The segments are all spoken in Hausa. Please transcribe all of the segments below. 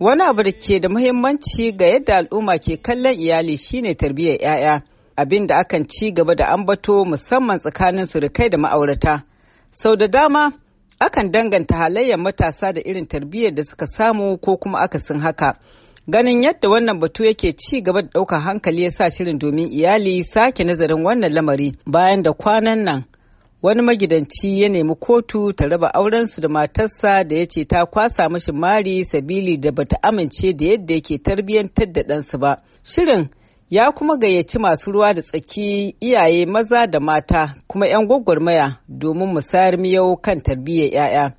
Wani abu da ke da muhimmanci ga yadda al'umma ke kallon iyali shine tarbiyyar 'ya'ya, abin da akan ci gaba da ambato musamman tsakanin surukai da ma'aurata. Sau da dama, akan danganta halayyar matasa da irin tarbiyyar da suka samu ko kuma aka akasin haka. Ganin yadda wannan batu yake ci gaba da ɗaukar hankali ya sa shirin domin iyali sake nazarin wannan lamari bayan da kwanan nan wani magidanci ya nemi kotu ta raba aurensu da matarsa da ya ce ta kwasa mashi mari sabili da bata amince da yadda yake tarbiyyantar da ɗansu ba shirin ya kuma gayyaci masu ruwa da tsaki iyaye maza da mata kuma 'yan gwagwarmaya domin musayar miyau kan tarbiyyar 'ya'ya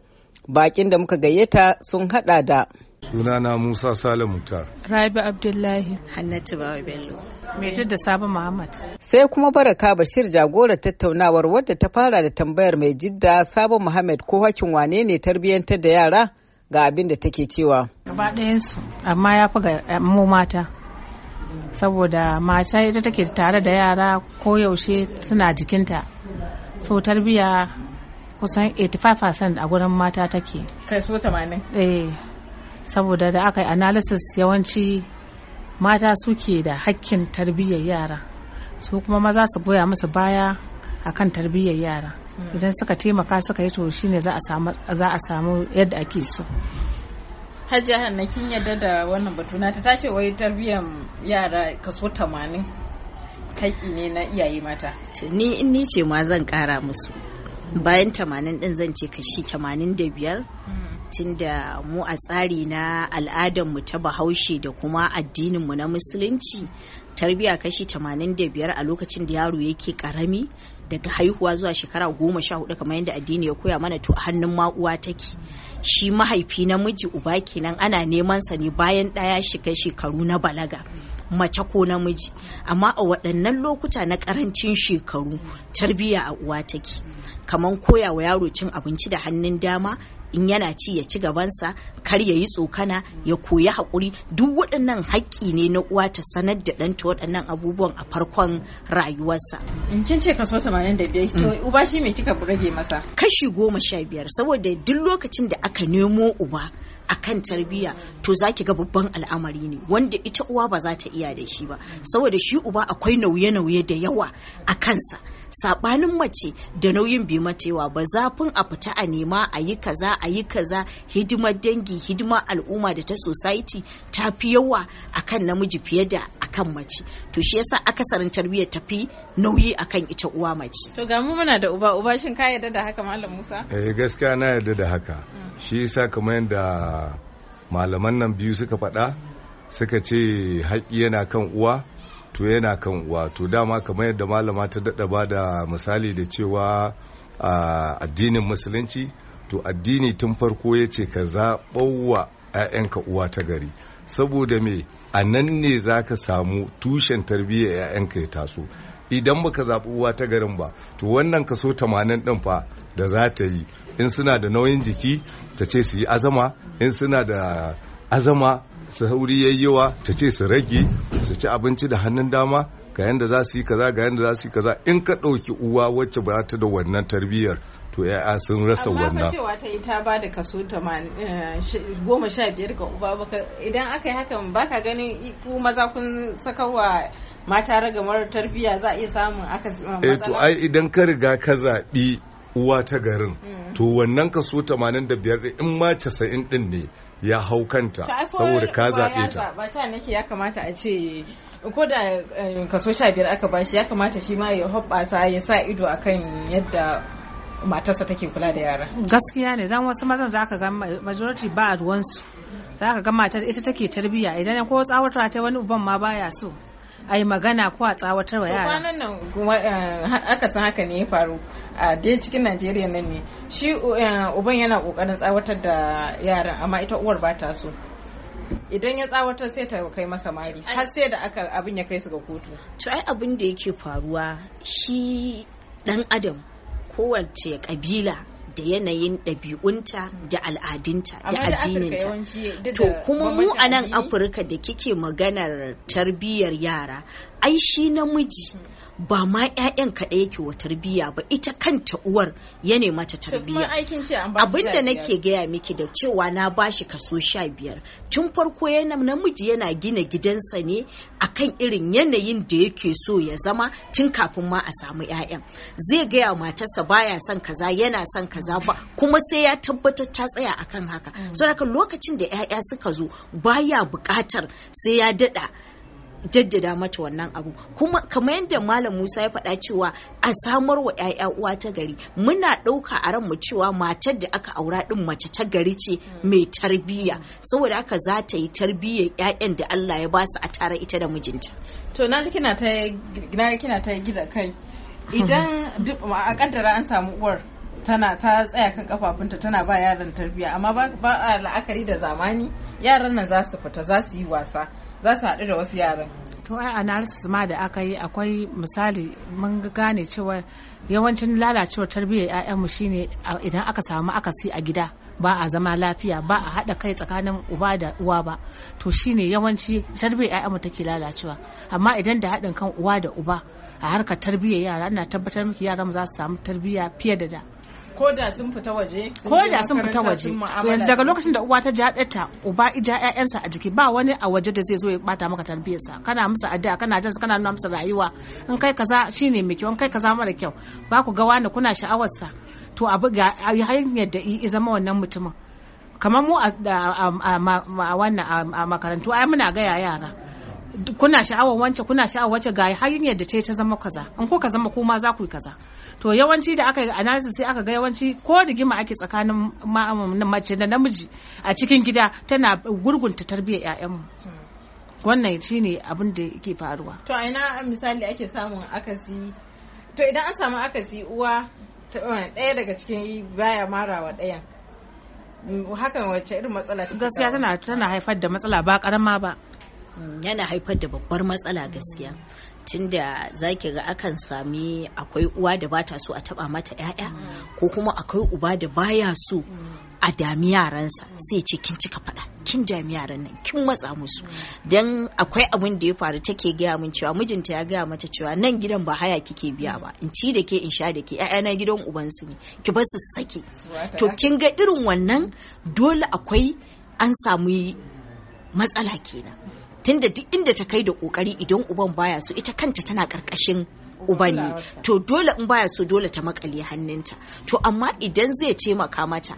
bakin da muka gayyata sun haɗa da sunana musa Salim mutar rabi abdullahi hannatu Bawai bello mai da sabon muhammad sai kuma baraka bashir jagorar tattaunawar wadda ta fara da tambayar mai jidda sabon muhammad ko hakin wane ne tarbiyyantar da yara ga abin da take cewa gaba ɗayansu amma ya fi ga eh, mu mata saboda mata ita take tare da yara ko yaushe suna jikinta so tarbiya kusan 85% a gurin mata take kai so 80 eh saboda da aka yi analysis yawanci mata suke da hakkin tarbiyyar yara su kuma maza su goya musu baya akan tarbiyyar yara hmm. idan suka taimaka suka yi to shine za a samu yadda ake so hajiya hanna kin yadda da wannan batu na ta tace wai tarbiyyar yara kaso 80 haƙi ne na iyaye mata ni in ni ce ma zan ƙara musu bayan 80 din zan ce kashi 85 tunda mu a tsari na al'adarmu ta bahaushe da kuma addininmu na musulunci tarbiya kashi 85 a lokacin da yaro yake karami daga haihuwa zuwa shekara goma sha hudu kamar yadda addini ya koya mana to a hannun ma'uwa take shi mahaifi namiji uba kenan ana neman sa ne bayan ɗaya shiga shekaru na balaga mace ko namiji amma a waɗannan lokuta na ƙarancin shekaru tarbiya a uwa take kamar koya wa yaro cin abinci da hannun dama in yana ci ya ci gabansa kar ya yi tsokana ya koyi haƙuri duk waɗannan haƙƙi ne na uwa ta sanar da ɗanta waɗannan abubuwan a farkon rayuwarsa. in kin ce kaso biyar, to mm. uba shi me kika rage masa kashi goma sha biyar saboda duk lokacin da aka nemo uba akan tarbiyya to zaki ga babban al'amari ne wanda ita uwa ba za ta iya da shi ba saboda shi uba akwai nauye-nauye da yawa a kansa sabanin mace da nauyin bi matewa ba zafin a fita a nema a yi kaza a yi kaza hidimar dangi hidimar al'umma da ta society ta fi yawa akan namiji fiye da akan mace to shi yasa akasarin tarbiyya ta fi nauyi akan ita uwa mace to ga mu muna da uba uba shin ka yarda da haka malam Musa eh gaskiya na yarda da haka mm. shi yasa kamar yadda malaman nan biyu suka faɗa suka ce haƙƙi yana kan uwa to yana kan uwa to dama kamar yadda malama ta daɗa ba da misali da cewa addinin musulunci to addini tun farko ya ce ka zaɓauwa 'ya'yanka uwa ta gari saboda me a nan ne za ka samu tushen tarbiyyar 'ya'yanka ya taso idan baka zaɓi uwa ta garin ba to wannan kaso 80 ɗin fa da za ta yi in suna da nauyin jiki ta ce su yi azama in suna da azama su hauri yayyawa ta ce su rage su ci abinci da hannun dama ga yanda za su yi kaza ga yanda za su yi kaza in ka ɗauki uwa wacce ba ta da wannan tarbiyyar to ya'ya sun rasa wannan amma cewa ta yi ta ba da kaso eh, goma sha biyar ga uba idan aka yi hakan baka ganin ku maza kun sakawa mata ragamar tarbiyya za a iya samun aka matsala eh, eh to ai idan ka riga ka zaɓi uwa ta garin hmm. to wannan kaso 85 in ma 90 din ne ya hau kanta saboda ka zaɓe ta ba ta nake ya kamata a ce ko da eh, kaso 15 aka bashi ya kamata shi ma ya hoɓɓasa ya sa ido akan yadda matarsa take kula da yara gaskiya ne dan wasu mazan zaka ga majority ba at once zaka ga matar ita take tarbiyya idan ko tsawatar ta wani uban ma baya so a yi magana ko a tsawatar wa yara kwanan nan eh, aka san haka ne ya faru a dai cikin najeriya nan ne shi eh, uban yana kokarin tsawatar da yaran amma ita uwar ba ta so idan ya tsawatar sai ta kai masa mari har sai da aka abin ya kai su ga kotu to ai abin da yake faruwa shi dan adam kowace kabila da yanayin ɗabi'unta da al'adinta da addininta to kuma mu a nan afirka da kike maganar tarbiyyar yara ai shi namiji ba ma 'ya'yan kaɗai yake wa tarbiyya ba ita kanta uwar ya mata tarbiyya abinda nake gaya miki da cewa na bashi kaso sha biyar tun farko yana namiji yana gina gidansa ne akan irin yanayin da yake so ya zama tun kafin ma a samu 'ya'yan zai gaya matarsa baya son kaza yana son kaza ba kuma sai ya tabbatar ta tsaya akan haka mm. saboda lokacin da 'ya'ya suka zo baya bukatar sai ya daɗa jaddada mata wannan abu kuma kamar yadda malam musa ya faɗa cewa a samar wa 'ya'ya uwa ta gari muna ɗauka a ranmu cewa matar da aka aura ɗin mace ta gari ce mai tarbiyya saboda aka za ta yi tarbiyya 'ya'yan da allah ya basu a tare ita da mijinta to na ji kina ta yi gida kai idan a kaddara an samu uwar tana ta tsaya kan kafafunta tana ba yaran tarbiyya amma ba a la'akari da zamani yaran nan za su fita za su yi wasa za su haɗu da wasu yaran to ai analysis ma da aka yi akwai misali mun gane cewa yawancin lalacewar tarbiyyar 'ya'yanmu shine idan aka samu akasi a gida ba a zama lafiya ba a haɗa kai tsakanin uba da uwa ba to shine yawanci tarbiyyar 'ya'yanmu take lalacewa amma idan da haɗin kan uwa da uba a harkar tarbiyyar yara ina tabbatar miki yaran za su samu tarbiyya fiye da da ko da sun fita waje ko da sun fita waje daga lokacin da uwa ta ja ta uba ija ƴaƴansa a jiki ba wani a waje da zai zo ya bata maka tarbiyarsa kana musu addu'a kana jin kana nuna musu rayuwa in kai kaza shine mai kyau in kai kaza mara kyau ba ku ga wani kuna sha'awarsa to abu ga hanyar da i zama wannan mutumin kamar mu a wannan a makarantu ai muna gaya yara kuna sha'awar wance kuna sha'awar wace ga hanyar da ta ta zama kaza in ko ka zama kuma za ku yi kaza to yawanci da aka yi analysis sai aka ga yawanci ko rigima ake tsakanin mace da namiji a cikin gida tana gurgunta tarbiyyar 'ya'yanmu wannan shi ne abin da yake faruwa to a ina misali ake samun akasi to idan an samu akasi uwa eh, ɗaya daga cikin baya marawa daya hakan wacce irin matsala gaskiya tana haifar da matsala ba karama ba yana haifar da babbar matsala gaskiya tunda za ki ga akan sami akwai uwa da bata so a taba mata 'ya'ya ko kuma akwai uba da baya so a dami yaransa sai ce kin cika fada kin dami yaran nan kin matsa musu dan akwai abin da ya faru take gaya min cewa mijinta ya gaya mata cewa nan gidan ba haya kike biya ba in ci da ke in sha da ke 'ya'ya na gidan ubansu ne ki bar su sake to kin ga irin wannan dole akwai an samu matsala kenan tunda duk inda ta kai da kokari idan uban baya so ita kanta tana karkashin uban ne to dole in baya so dole ta makale hannunta to amma idan zai taimaka mata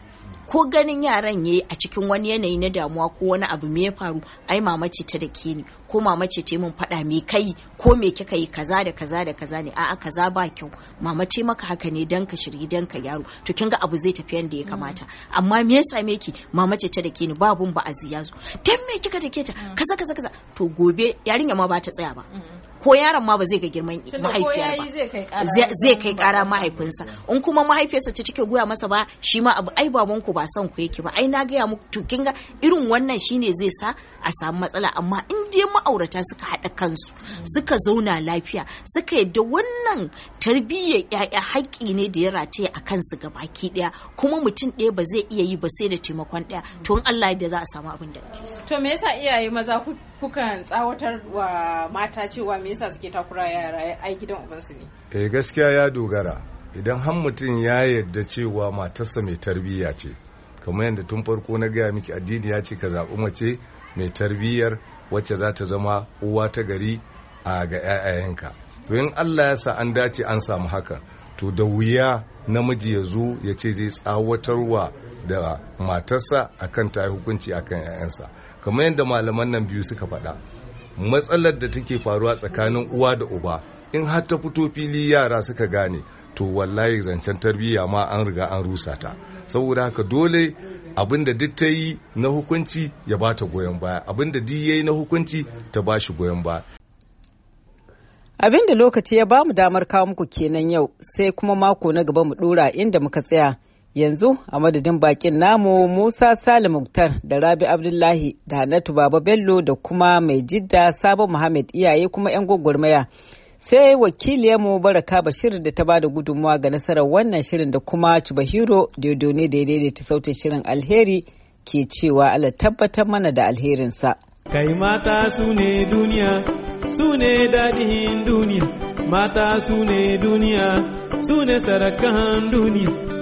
ko ganin yaran yayi a cikin wani yanayi na damuwa ko wani abu me ya faru ai mama ce ta ke ni ko mama ce ta min faɗa me kai ko me kika yi kaza da kaza da kaza ne a'a kaza ba kyau mama maka haka ne dan ka shirye dan ka yaro to kinga abu zai tafi yanda ya kamata mm. amma me ya same ki mama ce ta ke ni babun ba aziya zo dan me kika take ta mm. kaza kaza kaza to gobe yarinya ma ba ta tsaya ba mm. ko yaron ma ba zai ga girman mahaifiyar ba zai kai kara mahaifinsa in kuma mahaifiyarsa ce cike goya masa ba shi ma abu ai baban ku ba son ku yake ba ai na gaya muku to kin ga irin wannan shine zai sa a samu matsala amma in dai ma'aurata suka haɗa kansu suka zauna lafiya suka yadda wannan tarbiyyar ya'ya haƙƙi ne da ya rataye a kansu gabaki ɗaya kuma mutum ɗaya ba zai iya yi ba sai da taimakon ɗaya to in Allah yadda za a samu abin da to me yasa iyaye maza kukan tsawatar wa mata cewa me yasa suke takura yara ai gidan ubansu ne eh gaskiya ya dogara idan har mutum ya yarda cewa matarsa mai tarbiyya ce kamar yadda tun farko na gaya miki addini ya ce ka zaɓi mace mai tarbiyyar wacce za ta zama uwa ta gari a ga 'ya'yayenka to in allah ya sa an dace an samu haka to da wuya namiji ya zo ya ce zai tsawatarwa da matarsa akan ta hukunci akan 'ya'yansa kamar yadda malaman nan biyu suka faɗa matsalar da take faruwa tsakanin uwa da uba in har ta fito fili yara suka gane to wallahi zancen tarbiyya ma an riga an rusa ta saboda haka dole abin da duk ta yi na hukunci ya ba ta goyon baya abin duk ya yi na hukunci ta ba shi goyon baya abin da lokaci ya ba mu damar kawo muku kenan yau sai kuma mako na gaba mu dora inda muka tsaya yanzu a madadin bakin namu musa salim muktar da rabi abdullahi da hannatu baba bello da kuma mai jidda sabo muhammad iyaye kuma 'yan gwagwarmaya sai wakiliyarmu baraka bashir da ta ba da gudunmawa ga nasarar wannan shirin da kuma cibahiro ne da ya daidaita sautin shirin alheri ke cewa ala tabbatar mana da alherinsa kai mata su ne duniya su ne daɗin duniya mata su ne duniya su ne sarakan duniya